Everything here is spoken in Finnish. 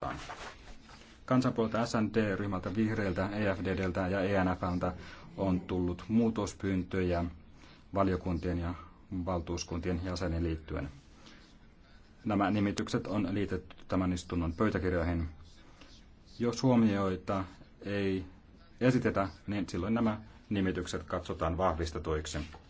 vastaan. Kansanpuolta SND-ryhmältä vihreiltä, EFDDltä ja ENFltä on tullut muutospyyntöjä valiokuntien ja valtuuskuntien jäsenen liittyen. Nämä nimitykset on liitetty tämän istunnon pöytäkirjoihin. Jos huomioita ei esitetä, niin silloin nämä nimitykset katsotaan vahvistetuiksi.